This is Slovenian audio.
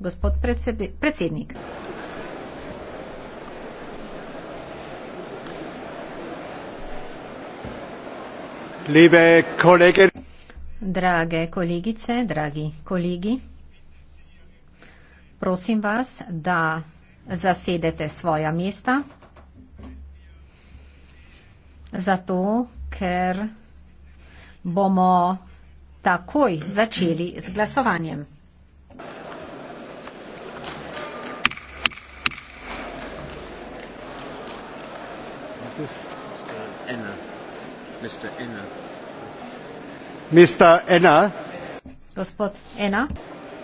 Gospod predsednik. Drage kolegice, dragi kolegi, prosim vas, da zasedete svoja mesta, zato ker bomo takoj začeli z glasovanjem. Mr. Enna. Mr. Enna. Gospod Enna.